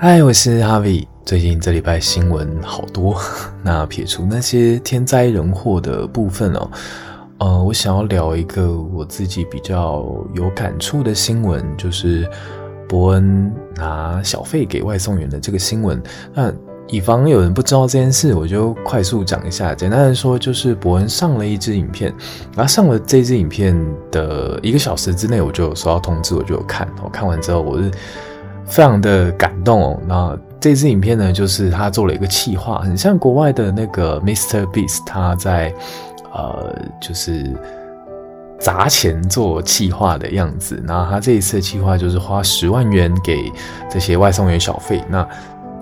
嗨，Hi, 我是 Harvie。最近這禮拜新聞好多，那撇除那些天災人禍的部分哦，呃，我想要聊一個我自己比較有感觸的新聞，就是博恩拿小費給外送員的這個新聞。那以防有人不知道這件事，我就快速講一下。簡單來說，就是博恩上了一支影片，然後上了這支影片的一個小時之內，我就有收到通知，我就有看。我看完之後，我是。非常的感動。那這支影片呢，就是他做了一個企劃，很像國外的那個 Mr. Beast，他在呃，就是砸錢做企劃的樣子。然後他這一次的企劃就是花十萬元給這些外送員小費。那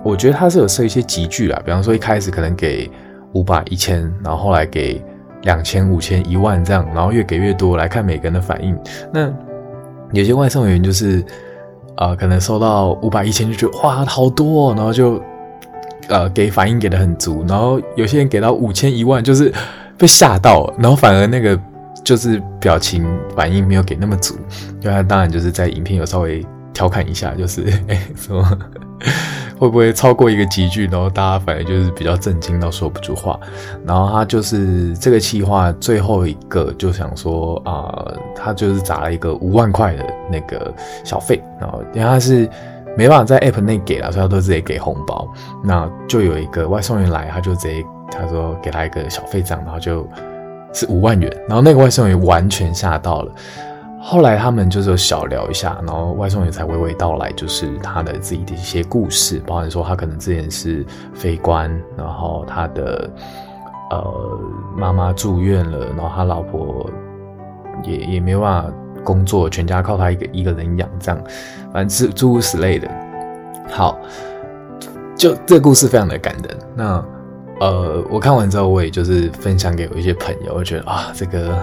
我覺得他是有設一些級距啦，比方說一開始可能給五百、一千，然後後來給兩千、五千、一萬這樣，然後越給越多，來看每個人的反應。那有些外送員就是。啊、呃，可能收到五百一千就覺得哇好多，哦，然後就呃給反應給得很足，然後有些人給到五千一萬就是被嚇到，然後反而那個就是表情反應沒有給那麼足，因為他當然就是在影片有稍微調侃一下，就是、欸、什麼？會不會超過一個集句，然後大家反而就是比較震驚到說不出話，然後他就是這個企劃最後一個就想說啊、呃，他就是砸了一個五萬塊的那個小費，然後因為他是沒辦法在 app 內給了，所以他都直接給紅包，那就有一個外送員來，他就直接他說給他一個小費賬，然後就是五萬元，然後那個外送員完全嚇到了。後來他們就是小聊一下，然後外送員也才娓娓道來，就是他的自己的一些故事，包含說他可能之前是飛官，然後他的呃媽媽住院了，然後他老婆也也沒辦法工作，全家靠他一個一個人養，這樣反正諸諸如此類的。好，就這個故事非常的感人。那呃，我看完之後，我也就是分享給我一些朋友，我覺得啊，這個。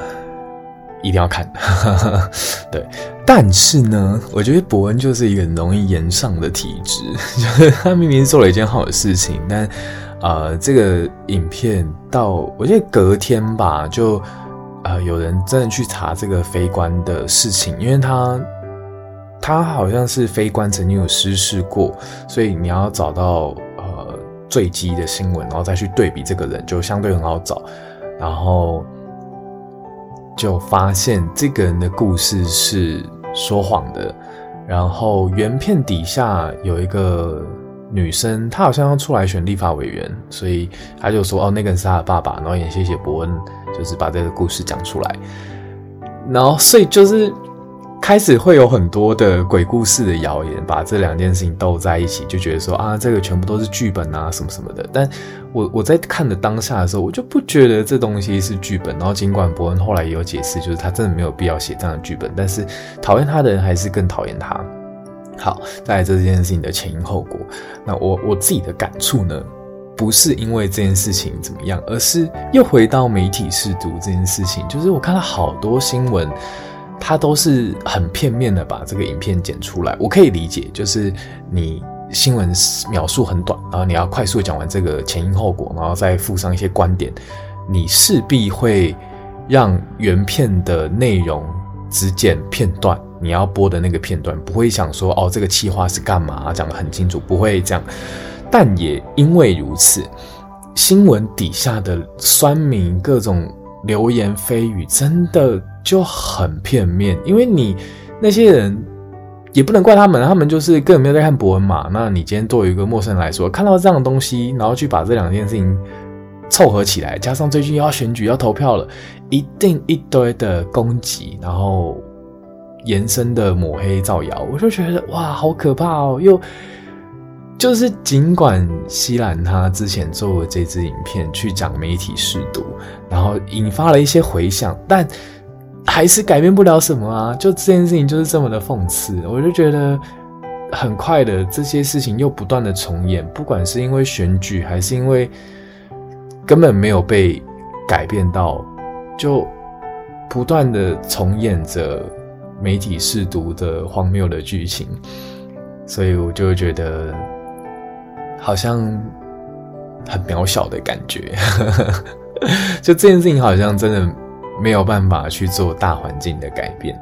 一定要看呵呵，對。但是呢，我覺得博恩就是一個很容易炎上的體質，就是他明明做了一件好的事情，但呃，這個影片到我覺得隔天吧，就呃，有人真的去查這個飛官的事情，因為他他好像是飛官曾經有失事過，所以你要找到呃墜機的新聞，然後再去對比這個人，就相對很好找，然後。就發現這個人的故事是說謊的，然後原片底下有一個女生，她好像要出來選立法委員，所以她就說：“哦，那個人是她的爸爸。”然後也謝謝博恩，就是把這個故事講出來。然後，所以就是。開始會有很多的鬼故事的謠言，把這兩件事情鬥在一起，就覺得說啊，這個全部都是劇本啊，什麼什麼的。但我我在看的當下的時候，我就不覺得這東西是劇本。然後，儘管博恩後來也有解釋，就是他真的沒有必要寫這樣的劇本，但是討厭他的人還是更討厭他。好，再來這件事情的前因後果，那我我自己的感觸呢，不是因為這件事情怎麼樣，而是又回到媒體識讀這件事情，就是我看了好多新聞。他都是很片面的把這個影片剪出來，我可以理解，就是你新聞描述很短，然後你要快速講完這個前因後果，然後再附上一些觀點，你勢必會讓原片的內容只剪片段，你要播的那個片段不會想說哦這個企劃是幹嘛啊，講得很清楚，不會這樣，但也因為如此，新聞底下的酸民各種流言蜚語真的。就很片面，因為你那些人也不能怪他們，他們就是根本沒有在看博恩嘛。那你今天對於一個陌生人來說，看到這樣的東西，然後去把這兩件事情湊合起來，加上最近要選舉要投票了，一定一堆的攻擊，然後延伸的抹黑造謠，我就覺得哇，好可怕哦！又就是儘管西蘭他之前做了這支影片去講媒體識讀，然後引發了一些回響，但。還是改變不了什麼啊！就這件事情就是這麼的諷刺，我就覺得很快的這些事情又不斷的重演，不管是因為選舉，還是因為根本沒有被改變到，就不斷的重演着媒體試讀的荒謬的劇情，所以我就會覺得好像很渺小的感覺， 就這件事情好像真的。沒有辦法去做大環境的改變，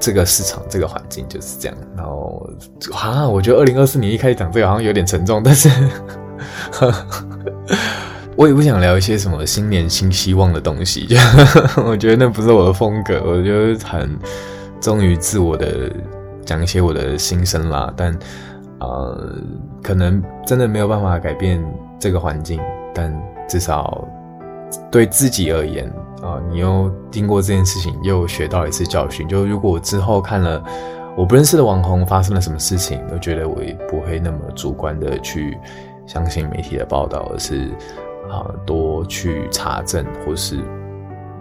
這個市場這個環境就是這樣。然後啊，我覺得二零二四年一開始講這個好像有點沉重，但是呵呵，我也不想聊一些什麼新年新希望的東西就呵呵，我覺得那不是我的風格。我覺得很忠於自我的講一些我的心聲啦。但、呃、可能真的沒有辦法改變這個環境，但至少對自己而言。啊，你又經過這件事情，又學到一次教訓。就如果我之後看了我不認識的網紅發生了什麼事情，我覺得我也不會那麼主觀的去相信媒體的報道，而是啊多去查證，或是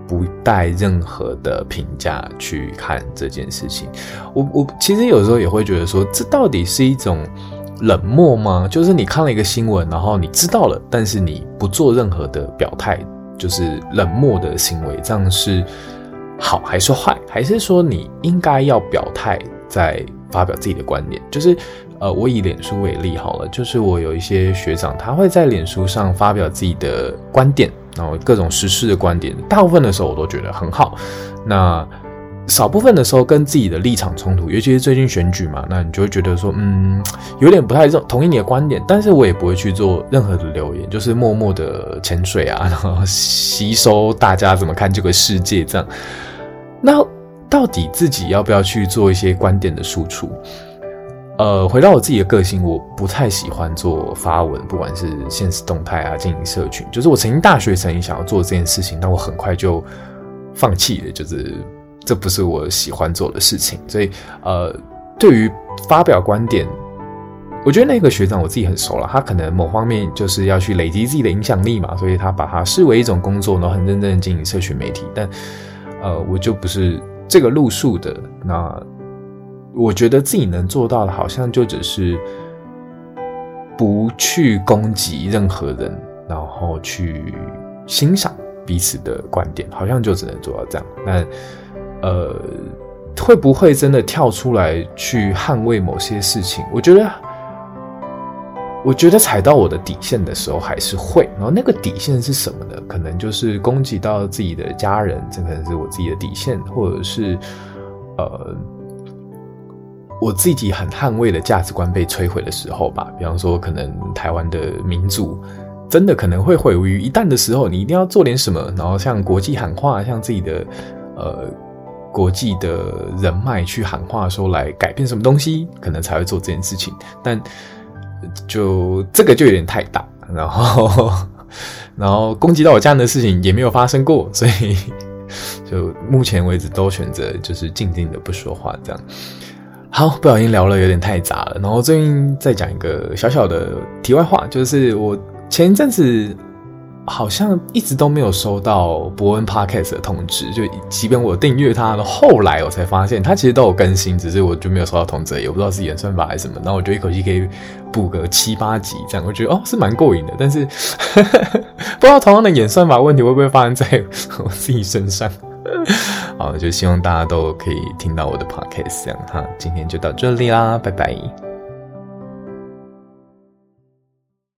不帶任何的評價去看這件事情。我我其實有時候也會覺得說，這到底是一種冷漠嗎？就是你看了一個新聞，然後你知道了，但是你不做任何的表態。就是冷漠的行為，這樣是好還是壞？還是說你應該要表態，在發表自己的觀點？就是呃，我以臉書為例好了，就是我有一些學長，他會在臉書上發表自己的觀點，然後各種時事的觀點，大部分的時候我都覺得很好。那少部分的時候跟自己的立場衝突，尤其是最近選舉嘛，那你就會覺得說，嗯，有點不太同意你的觀點，但是我也不會去做任何的留言，就是默默的潛水啊，然後吸收大家怎麼看這個世界這樣。那到底自己要不要去做一些觀點的輸出？呃，回到我自己的個性，我不太喜歡做發文，不管是限時動態啊，經營社群，就是我曾經大學曾經想要做這件事情，但我很快就放棄了，就是。這不是我喜歡做的事情，所以，呃，對於發表觀點，我覺得那個學長我自己很熟了。他可能某方面就是要去累積自己的影響力嘛，所以他把它視為一種工作，然後很認真的經營社群媒體。但，呃，我就不是這個路數的。那我覺得自己能做到的，好像就只是不去攻擊任何人，然後去欣賞彼此的觀點，好像就只能做到這樣。那。呃，會不會真的跳出來去捍衛某些事情？我覺得，我覺得踩到我的底線的時候還是會。然後那個底線是什麼呢？可能就是攻擊到自己的家人，這可能是我自己的底線，或者是呃，我自己很捍衛的價值觀被摧毀的時候吧。比方說，可能台灣的民主真的可能會毀於一旦的時候，你一定要做點什麼。然後向國際喊話，向自己的呃。國際的人脈去喊話，說來改變什麼東西，可能才會做這件事情。但就這個就有點太大，然後然後攻擊到我家人的事情也沒有發生過，所以就目前為止都選擇就是靜靜的不說話，這樣好，不小心聊了有點太雜了。然後最近再講一個小小的題外話，就是我前一陣子。好像一直都沒有收到博恩 podcast 的通知，就即便我訂閱它，後來我才發現，它其實都有更新，只是我就沒有收到通知，也不知道是演算法還是什麼。然後我就一口氣可以補個七八集，這樣我覺得哦是蠻過癮的。但是呵呵不知道同樣的演算法問題會不會發生在我自己身上？好，就希望大家都可以聽到我的 podcast，這樣哈，今天就到這裡啦，拜拜。